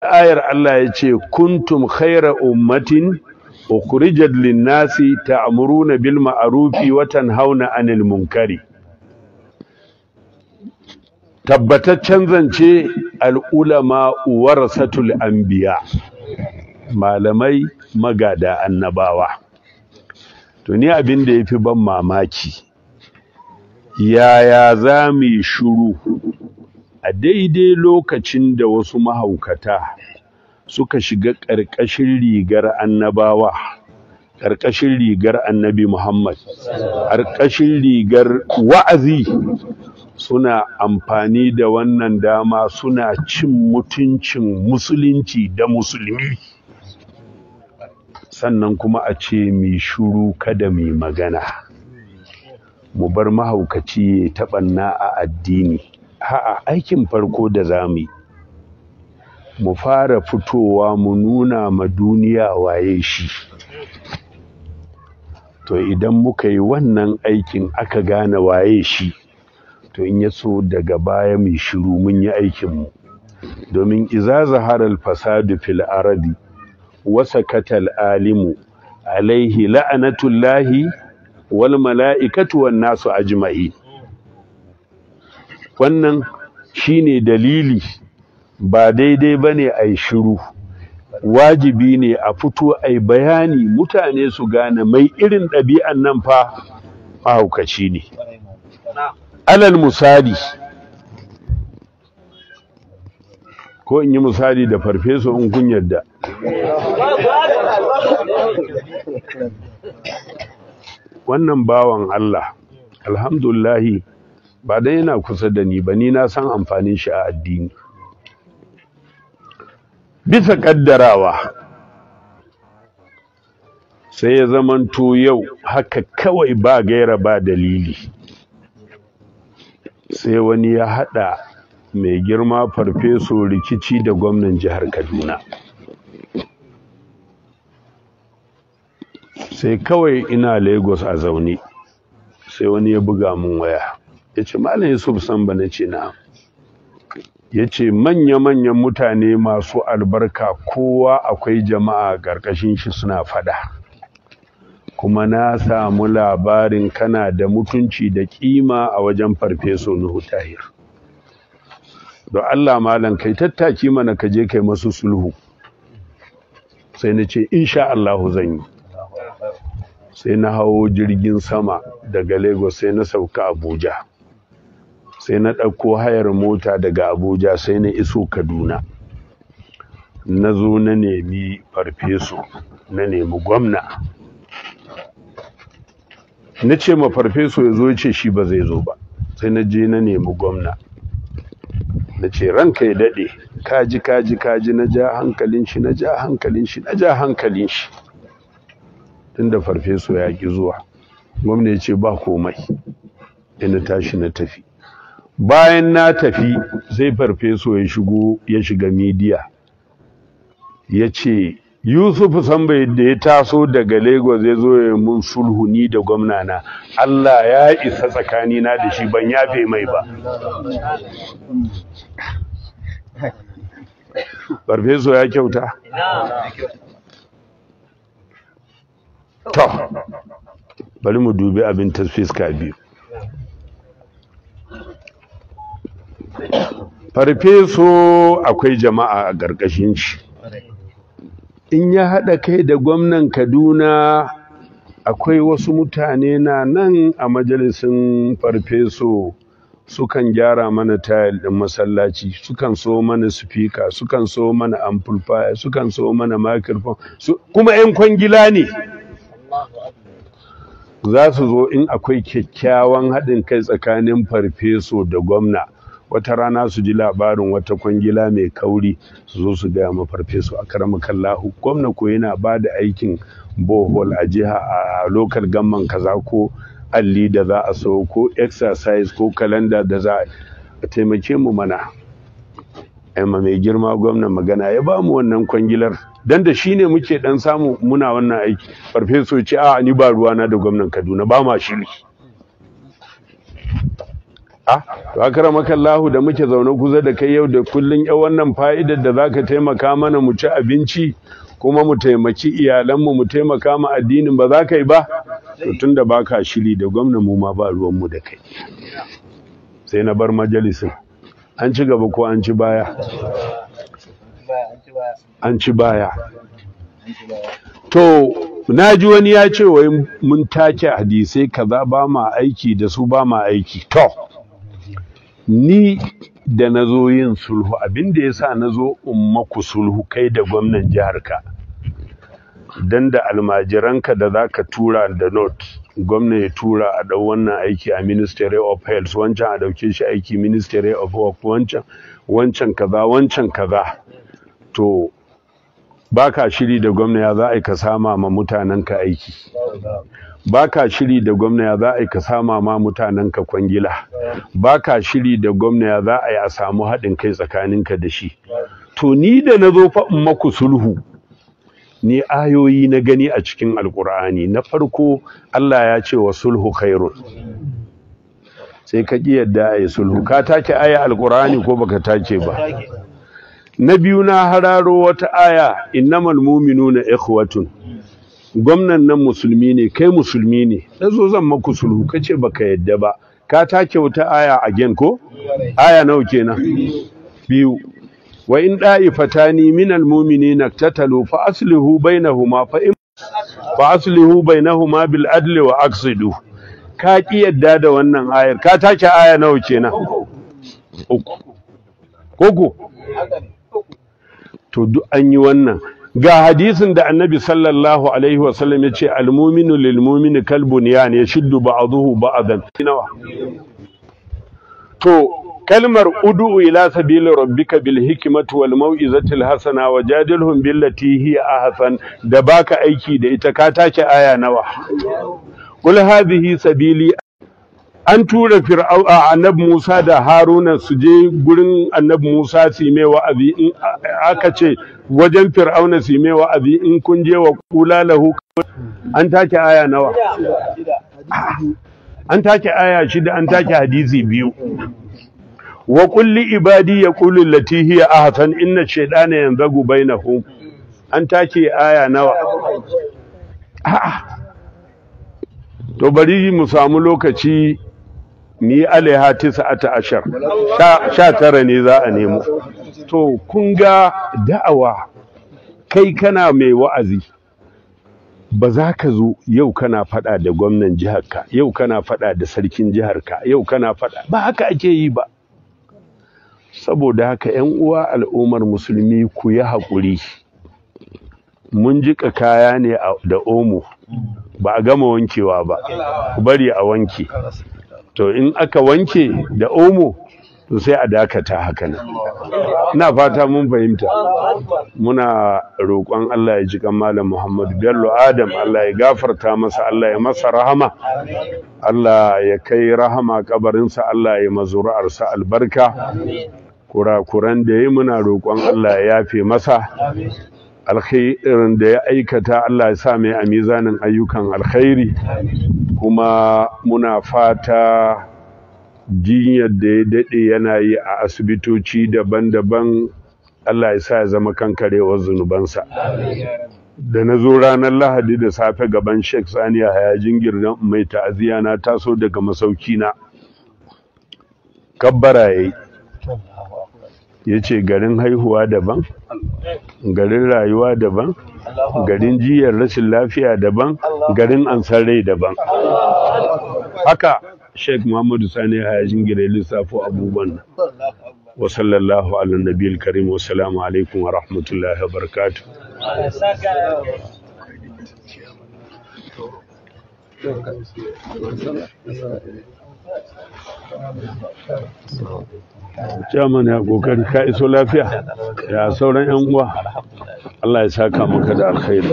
ayar Allah ya ce kuntum khaira ummatin ukhrijat lin-nasi ta'muruna bil ma'rufi wa tanhauna 'anil munkari tabbataccen zance al-ulama warasatul anbiya malamai magada annabawa to ni abin da yafi ban mamaki yaya za mu shiru a daidai lokacin da wasu mahaukata suka shiga ƙarƙashin rigar annabawa ƙarƙashin rigar annabi Muhammad ƙarƙashin rigar wa'azi suna amfani da wannan dama suna cin mutuncin musulunci da musulmi sannan kuma a ce mai shuru kada mai magana mu bar mahaukaci ya taɓanna a addini Ha'a, aikin farko da za mu yi, mu fara fitowa mu nuna ma duniya waye shi. To idan muka yi wannan aikin aka gane waye shi, to in ya so daga baya mu shiru mun yi aikin mu Domin iza zaharar fasadu fil aradi, wasa katal alimu, alaihi la'anatullahi wal mala'ikatu wan nasu ajma'in. wannan shine dalili ba daidai ba ne a shiru wajibi ne a fito a bayani mutane su gane mai irin ɗabi'an nan fa mahaukaci ne alal misali ko in yi misali da farfesa in kun yarda wannan bawan Allah alhamdulillahi ba dai yana kusa da ni ba ni na san amfanin shi a addini bisa kaddarawa sai ya zamanto yau haka kawai ba gaira ba dalili sai wani ya hada mai girma farfeso rikici da gwamnan jihar kaduna sai kawai ina lagos a zaune sai wani ya buga mun waya ya ce malam yusuf san na ce na ya manya-manyan mutane masu albarka kowa akwai jama'a ƙarƙashin shi suna fada kuma na samu labarin kana da mutunci da kima a wajen farfeso nuhu tahir don allah malam kai tattaki mana ka je kai masu sulhu sai na ce insha allahu zan yi sai na hawo jirgin sama daga lagos sai na sauka abuja sai na ɗauko hayar mota daga abuja sai na iso kaduna na zo na nemi farfeso na nemi gwamna na ce ma farfeso ya zo ce shi ba zai zo ba sai na je na nemi gwamna na ce ranka ya daɗe kaji kaji kaji na ja hankalin shi na ja hankalin shi na ja hankalin shi tunda farfeso ya ƙi zuwa gwamna ya ce ba komai ina tashi na tafi bayan na tafi sai farfeso ya shigo ya shiga midiya ya ce yusuf sambai da ya taso daga lagos ya zo ya mun sulhu ni da gwamnana allah ya isa tsakanina da shi ban yafe mai ba farfeso ya kyauta to bari mu dubi abin tasfiska biyu farfeso akwai jama'a a ƙarƙashin shi in ya haɗa kai da gwamnan kaduna akwai wasu mutane na nan a majalisin farfeso sukan gyara mana tayil ɗin masallaci sukan so mana sufika sukan so mana amplifier sukan so mana microphone kuma 'yan kwangila ne za su zo in akwai kyakkyawan haɗin kai tsakanin farfeso da gwamna wata rana su ji labarin wata kwangila mai kauri su zo su gaya mafarfesu a karama kallahu gwamna ko yana ba da aikin bohol a jiha a lokal gamman kaza ko alli da za a so ko exercise ko kalanda da za a taimake mu mana ma mai girma gwamna magana ya ba mu wannan kwangilar dan da shi ne muke dan samu muna wannan aiki farfeso ce a ni ba ruwana da gwamnan kaduna ba ma shi ah to akramaka Allah da muke zaune kusa da kai yau da kullun yau wannan fa'idar da zaka taimaka mana mu ci abinci kuma mu taimaki iyalanmu mu taimaka mu addinin ba za ka yi ba to tunda baka shiri da gwamna mu ma ba ruwan mu da kai sai na bar majalisin an ci gaba ko an ci baya an ci baya to na ji wani ya ce wai mun take hadisai kaza ba ma aiki da su ba ma aiki to ni da na zo yin sulhu abin da ya sa na zo in maku sulhu kai da gwamnan jihar ka don da almajiranka da za ka tura da not gwamna ya tura a ɗau wannan aiki a ministry of health wancan a ɗauke shi aiki ministry of work wancan wancan kaza wancan kaza to ba ka shiri da gwamna ya za a yi ka sama ma mutanenka aiki ba ka shiri da gwamna ya za a yi ka sama ma mutanen ka kwangila ba ka shiri da gwamna ya za a yi a samu haɗin kai tsakanin ka da shi to ni da na zo fa maku sulhu ni ayoyi na gani a cikin alkur'ani na farko Allah ya ce wa sulhu khairun sai ka ƙi yadda a yi sulhu ka take aya alkur'ani ko baka take ba na biyu na hararo wata aya innamal mu'minuna ikhwatun gwamnan nan musulmi ne kai musulmi ne na zo zan maku sulhu ka ce baka yadda ba ka take wata aya a gen ko aya nawa kenan biyu wa in da'ifatani minal mumini naktatalu fa aslihu bainahuma fa in fa aslihu bainahuma bil adli wa aqsidu ka ki yadda da wannan ayar ka take aya nawa kenan uku koko to duk an yi wannan ga hadisin da annabi sallallahu alaihi wasallam ya ce almuminu lilmumini kalbun ya ne shiddu ba'aduhu ba'adan nawa to kalmar ud'u ila sabili rabbika bil hikmati wal mau'izati al hasana wajadilhum billati hiya ahsan da baka aiki da ita ka take aya nawa qul hadhihi sabili an tura fir'auna annabi Musa da Haruna su je gurin annabi Musa su mai wa'azi in aka ce wajen fir'auna su mai wa'azi in kun je wa kula lahu an take aya nawa an take aya shida an take hadizi biyu wa kulli ibadi yaqulu allati hiya ahsan inna shaytana yanzagu bainahum an take aya nawa a'a to bari mu samu lokaci ni alaiha tis'ata ashar sha tara ne za a nemo to kun ga da'awa kai kana mai wa'azi ba za ka zo yau kana faɗa da gwamnan jiharka yau kana faɗa da sarkin jiharka yau kana faɗa ba haka ake yi ba saboda haka 'yan uwa al'ummar musulmi ku yi haƙuri mun jiƙa kaya ne da omo ba a gama wankewa ba ku bari a wanke to in aka wanke da omo to sai a dakata haka nan ina fata mun fahimta muna roƙon Allah ya ji kan malam Muhammad Bello Adam Allah ya gafarta masa Allah ya masa rahama Allah ya kai rahama kabarinsa Allah ya mazuri'arsa albarka kurakuran da yi muna roƙon Allah ya yafe masa alkhairin da ya aikata Allah ya sa mai a mizanin ayyukan alkhairi kuma muna fata jinyar da ya daɗe yana yi a asibitoci daban-daban Allah ya sa ya zama kankarewar zunubansa da na zo ranar lahadi da safe gaban sheikh saniya hayajin girgan mai ta'aziyya na taso daga masauki na kabbara yi ya ce garin haihuwa daban garin rayuwa daban garin jiyar rashin lafiya daban garin ansar rai daban haka sheikh muhammadu sani yajin gire lissafo abubuwan nan wa sallallahu ala nabi karim wa salamu alaikum wa rahmatullahi wa barakatuh Thank you. Chairman ya kokari ka iso lafiya ya sauran yan uwa Allah ya saka maka da alkhairi